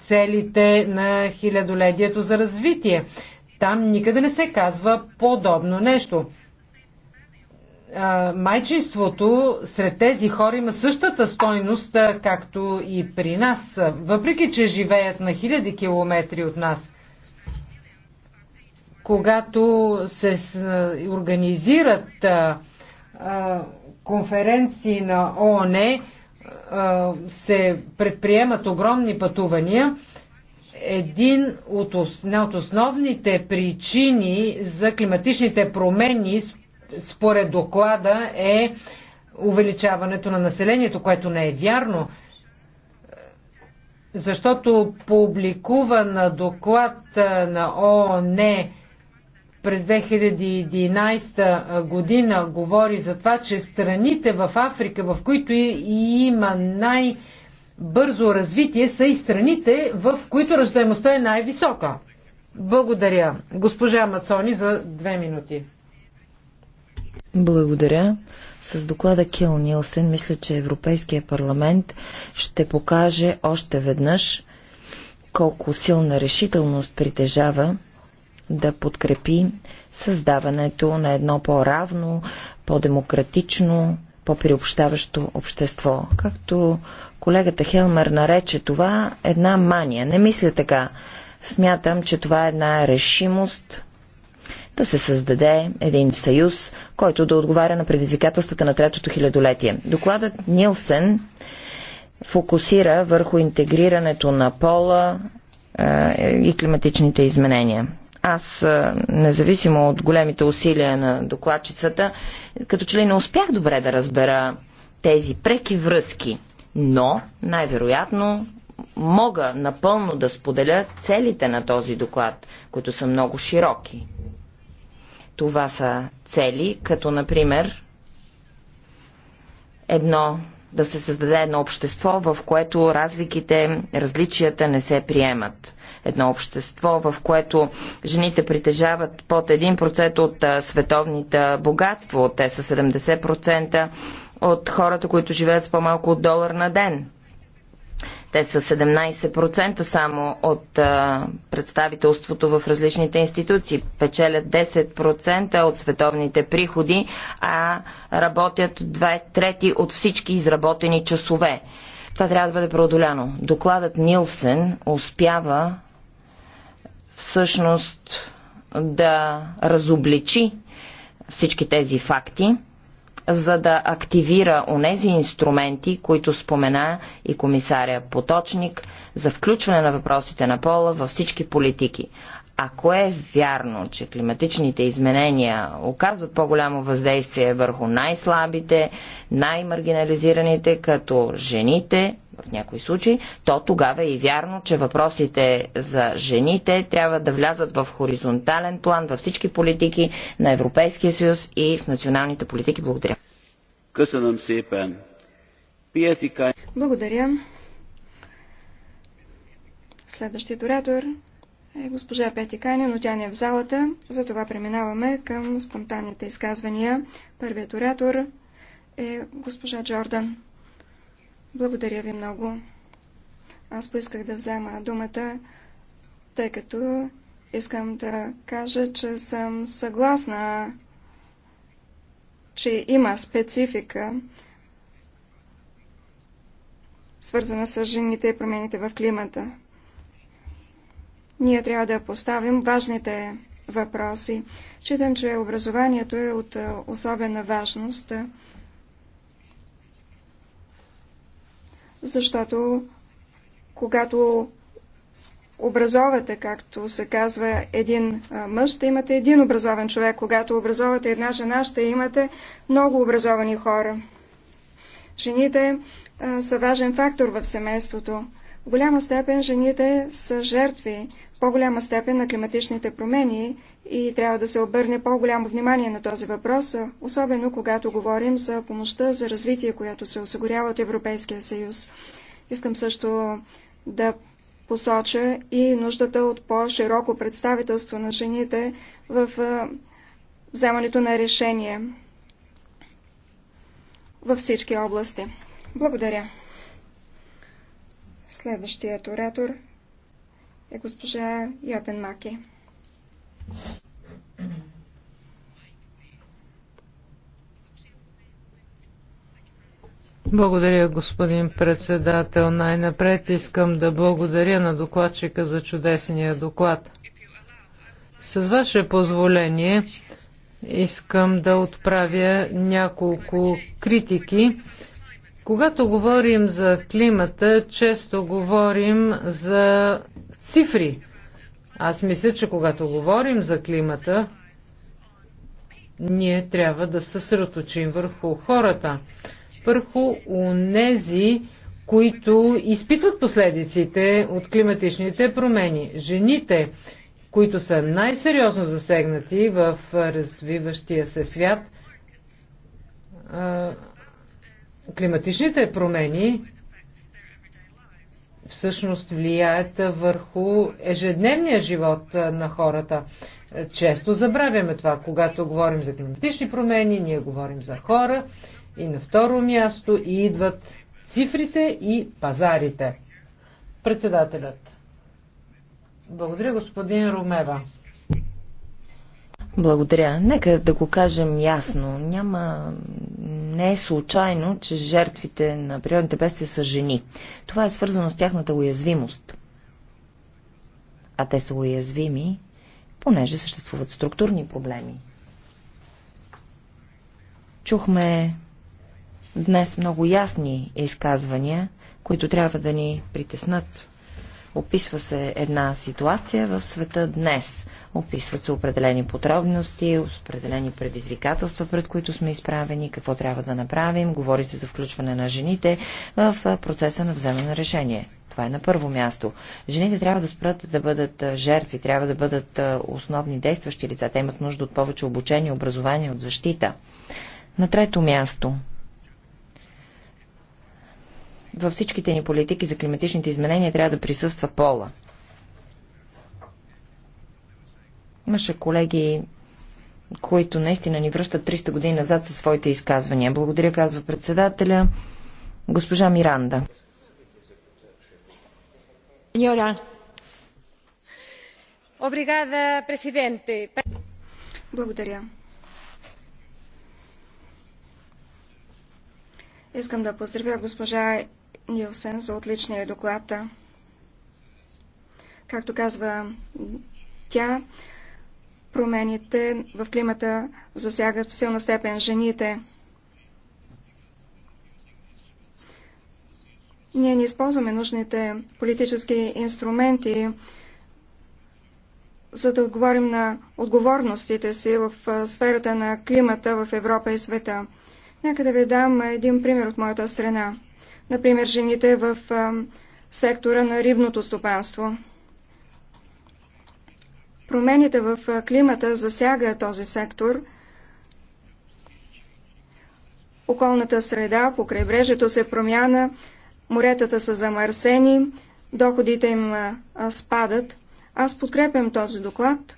целите на хилядолетието за развитие. Там никъде не се казва подобно нещо майчинството сред тези хора има същата стойност, както и при нас, въпреки че живеят на хиляди километри от нас. Когато се организират конференции на ООН, се предприемат огромни пътувания. Един от, от основните причини за климатичните промени, според доклада е увеличаването на населението, което не е вярно, защото публикуван доклад на ООН през 2011 година говори за това, че страните в Африка, в които има най-бързо развитие, са и страните, в които ръждаемостта е най-висока. Благодаря. Госпожа Мацони за две минути. Благодаря. С доклада Кил Нилсен мисля, че Европейския парламент ще покаже още веднъж колко силна решителност притежава да подкрепи създаването на едно по-равно, по-демократично, по-приобщаващо общество. Както колегата Хелмер нарече това една мания. Не мисля така. Смятам, че това е една решимост, да се създаде един съюз, който да отговаря на предизвикателствата на третото хилядолетие. Докладът Нилсен фокусира върху интегрирането на пола е, и климатичните изменения. Аз, е, независимо от големите усилия на докладчицата, като че ли не успях добре да разбера тези преки връзки, но най-вероятно мога напълно да споделя целите на този доклад, които са много широки. Това са цели, като например едно да се създаде едно общество, в което разликите, различията не се приемат. Едно общество, в което жените притежават под 1% от световните богатства, те са 70% от хората, които живеят с по-малко от долар на ден. Те са 17% само от представителството в различните институции. Печелят 10% от световните приходи, а работят 2 трети от всички изработени часове. Това трябва да бъде преодоляно. Докладът Нилсен успява всъщност да разобличи всички тези факти за да активира онези инструменти, които спомена и комисаря Поточник за включване на въпросите на пола във всички политики. Ако е вярно, че климатичните изменения оказват по-голямо въздействие върху най-слабите, най-маргинализираните, като жените, в някои случаи, то тогава е и вярно, че въпросите за жените трябва да влязат в хоризонтален план във всички политики на Европейския съюз и в националните политики. Благодаря. Благодаря. Следващият оратор е госпожа Пети Кайни, но тя не е в залата. Затова преминаваме към спонтанните изказвания. Първият оратор е госпожа Джордан. Благодаря ви много. Аз поисках да взема думата, тъй като искам да кажа, че съм съгласна, че има специфика, свързана с жените и промените в климата. Ние трябва да поставим важните въпроси. Читам, че образованието е от особена важност. защото когато образовате, както се казва, един мъж, ще имате един образован човек. Когато образовате една жена, ще имате много образовани хора. Жените са важен фактор в семейството. В голяма степен жените са жертви, в по-голяма степен на климатичните промени и трябва да се обърне по-голямо внимание на този въпрос, особено когато говорим за помощта за развитие, която се осигурява от Европейския съюз. Искам също да посоча и нуждата от по-широко представителство на жените в вземането на решение във всички области. Благодаря. Следващият оратор е госпожа Йотен Маки. Благодаря, господин председател. Най-напред искам да благодаря на докладчика за чудесния доклад. С ваше позволение искам да отправя няколко критики. Когато говорим за климата, често говорим за цифри. Аз мисля, че когато говорим за климата, ние трябва да се съсредоточим върху хората, върху унези, които изпитват последиците от климатичните промени. Жените, които са най-сериозно засегнати в развиващия се свят, климатичните промени всъщност влияят върху ежедневния живот на хората. Често забравяме това. Когато говорим за климатични промени, ние говорим за хора и на второ място и идват цифрите и пазарите. Председателят. Благодаря, господин Румева. Благодаря. Нека да го кажем ясно. Няма... Не е случайно, че жертвите на природните бедствия са жени. Това е свързано с тяхната уязвимост. А те са уязвими, понеже съществуват структурни проблеми. Чухме днес много ясни изказвания, които трябва да ни притеснат. Описва се една ситуация в света днес – Описват се определени подробности, определени предизвикателства, пред които сме изправени, какво трябва да направим. Говори се за включване на жените в процеса на вземане на решение. Това е на първо място. Жените трябва да спрат да бъдат жертви, трябва да бъдат основни действащи лица. Те имат нужда от повече обучение, образование, от защита. На трето място във всичките ни политики за климатичните изменения трябва да присъства пола. Имаше колеги, които наистина ни връщат 300 години назад със своите изказвания. Благодаря, казва председателя. Госпожа Миранда. Обригада, президенте. Благодаря. Искам да поздравя госпожа Нилсен за отличния доклад. Както казва тя, промените в климата засягат в силна степен жените. Ние не използваме нужните политически инструменти, за да отговорим на отговорностите си в сферата на климата в Европа и света. Нека да ви дам един пример от моята страна. Например, жените в сектора на рибното стопанство. Промените в климата засяга този сектор. Околната среда по крайбрежето се промяна, моретата са замърсени, доходите им спадат. Аз подкрепям този доклад,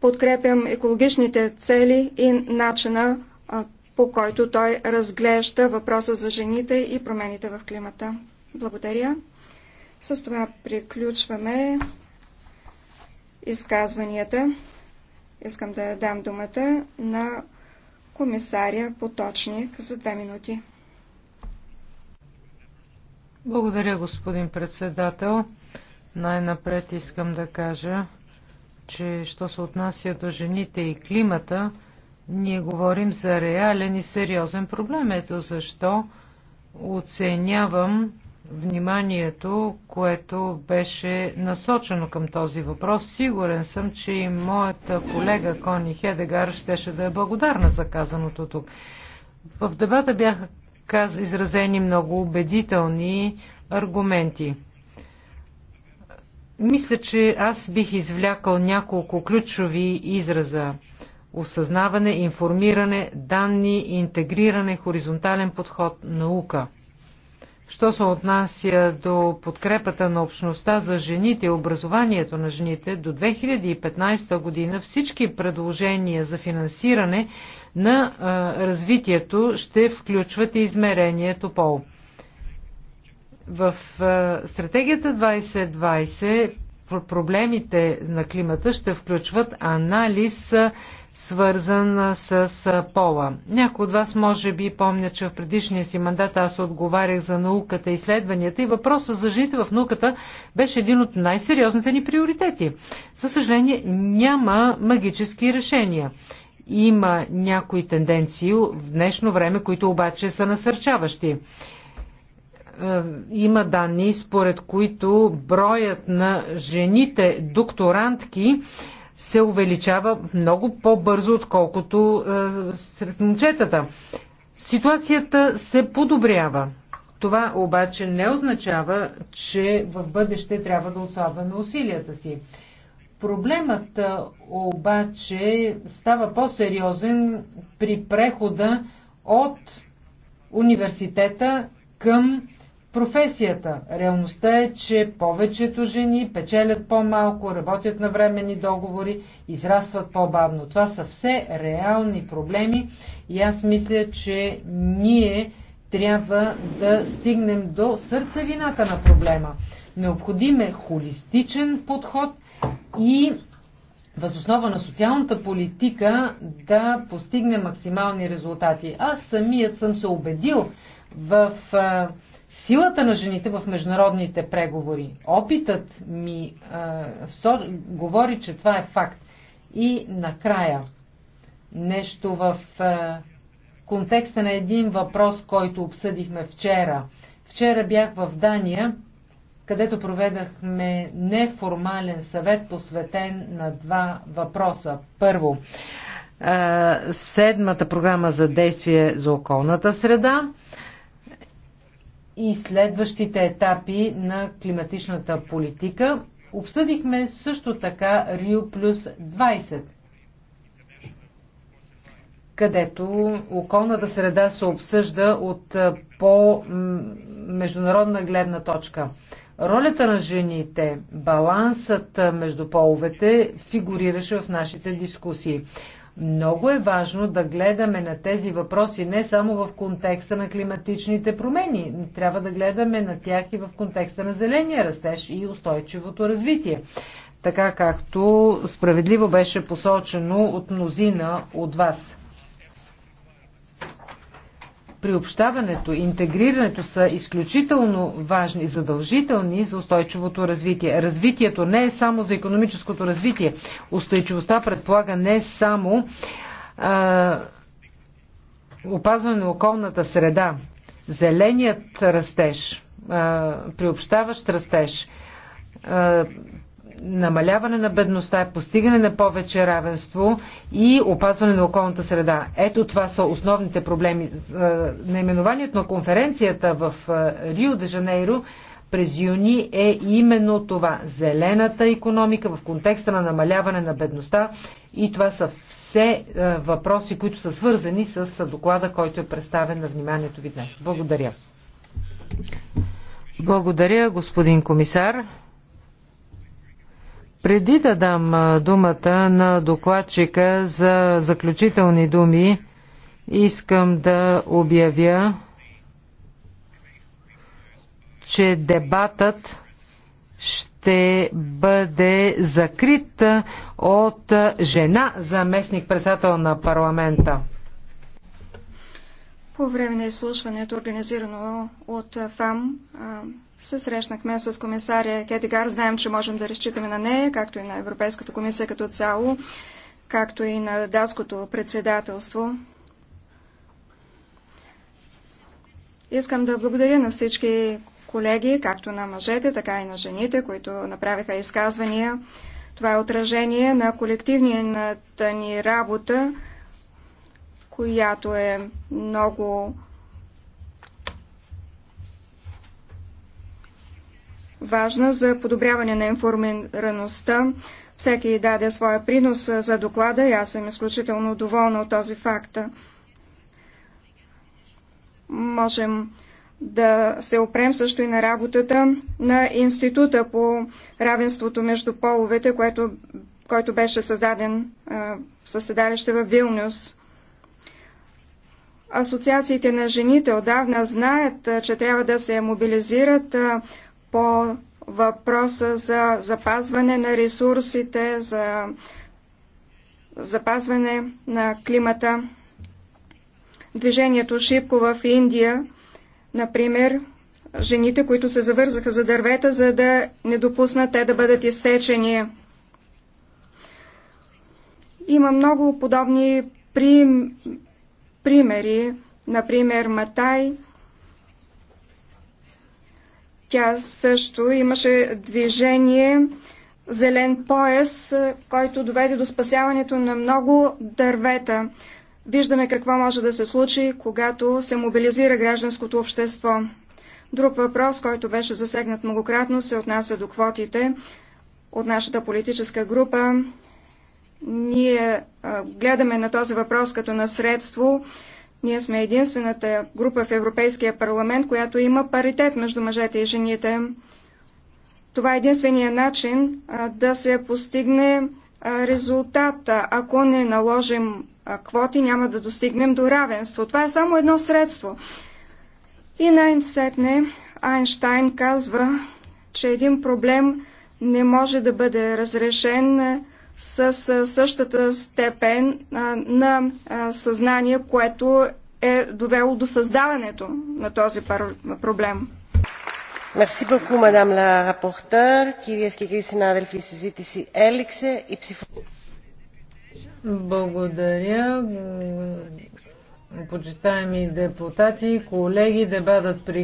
подкрепям екологичните цели и начина по който той разглежда въпроса за жените и промените в климата. Благодаря. С това приключваме изказванията. Искам да дам думата на комисаря Поточник за две минути. Благодаря, господин председател. Най-напред искам да кажа, че що се отнася до жените и климата, ние говорим за реален и сериозен проблем. Ето защо оценявам вниманието, което беше насочено към този въпрос. Сигурен съм, че и моята колега Кони Хедегар щеше да е благодарна за казаното тук. В дебата бяха каз... изразени много убедителни аргументи. Мисля, че аз бих извлякал няколко ключови израза. Осъзнаване, информиране, данни, интегриране, хоризонтален подход, наука – Що се отнася до подкрепата на общността за жените и образованието на жените, до 2015 година всички предложения за финансиране на развитието ще включват и измерението пол. В стратегията 2020 проблемите на климата ще включват анализ свързан с пола. Някои от вас може би помня, че в предишния си мандат аз отговарях за науката и изследванията и въпроса за жените в науката беше един от най-сериозните ни приоритети. За съжаление, няма магически решения. Има някои тенденции в днешно време, които обаче са насърчаващи е, има данни, според които броят на жените докторантки се увеличава много по-бързо, отколкото е, сред момчетата. Ситуацията се подобрява. Това обаче не означава, че в бъдеще трябва да отслабваме усилията си. Проблемът е, обаче става по-сериозен при прехода от университета към професията. Реалността е, че повечето жени печелят по-малко, работят на времени договори, израстват по-бавно. Това са все реални проблеми и аз мисля, че ние трябва да стигнем до сърцевината на проблема. Необходим е холистичен подход и възоснова на социалната политика да постигне максимални резултати. Аз самият съм се убедил в силата на жените в международните преговори. Опитът ми а, со, говори, че това е факт. И накрая, нещо в а, контекста на един въпрос, който обсъдихме вчера. Вчера бях в Дания, където проведахме неформален съвет, посветен на два въпроса. Първо, а, седмата програма за действие за околната среда и следващите етапи на климатичната политика. Обсъдихме също така Рио плюс 20, където околната среда се обсъжда от по-международна гледна точка. Ролята на жените, балансът между половете фигурираше в нашите дискусии. Много е важно да гледаме на тези въпроси не само в контекста на климатичните промени, трябва да гледаме на тях и в контекста на зеления растеж и устойчивото развитие. Така както справедливо беше посочено от мнозина от вас приобщаването, интегрирането са изключително важни и задължителни за устойчивото развитие. Развитието не е само за економическото развитие. Устойчивостта предполага не само а, опазване на околната среда, зеленият растеж, а, приобщаващ растеж, а, намаляване на бедността, постигане на повече равенство и опазване на околната среда. Ето това са основните проблеми. Е, наименованието на конференцията в е, Рио де Жанейро през юни е именно това – зелената економика в контекста на намаляване на бедността и това са все е, въпроси, които са свързани с доклада, който е представен на вниманието ви днес. Благодаря. Благодаря, господин комисар. Преди да дам думата на докладчика за заключителни думи, искам да обявя, че дебатът ще бъде закрит от жена заместник председател на парламента. По време на изслушването, организирано от ФАМ, се срещнахме с комисаря Кетигар. Знаем, че можем да разчитаме на нея, както и на Европейската комисия като цяло, както и на датското председателство. Искам да благодаря на всички колеги, както на мъжете, така и на жените, които направиха изказвания. Това е отражение на колективната ни работа, която е много важна за подобряване на информираността. Всеки даде своя принос за доклада и аз съм изключително доволна от този факт. Можем да се опрем също и на работата на Института по равенството между половете, което, който беше създаден със седалище в Вилнюс. Асоциациите на жените отдавна знаят, че трябва да се мобилизират по въпроса за запазване на ресурсите, за запазване на климата. Движението Шипко в Индия, например, жените, които се завързаха за дървета, за да не допуснат те да бъдат изсечени. Има много подобни прим... примери, например Матай – тя също имаше движение зелен пояс, който доведе до спасяването на много дървета. Виждаме какво може да се случи, когато се мобилизира гражданското общество. Друг въпрос, който беше засегнат многократно, се отнася до квотите. От нашата политическа група ние гледаме на този въпрос като на средство ние сме единствената група в Европейския парламент, която има паритет между мъжете и жените. Това е единствения начин да се постигне резултата. Ако не наложим квоти, няма да достигнем до равенство. Това е само едно средство. И най-сетне Айнштайн казва, че един проблем не може да бъде разрешен с същата степен на съзнание, което е довело до създаването на този проблем. Merci beaucoup, madame la rapporteure. Κυρίες και κύριοι συνάδελφοι, η συζήτηση έληξε. Η ψηφο... Благодаря. Почитаеми депутати, колеги, дебатът при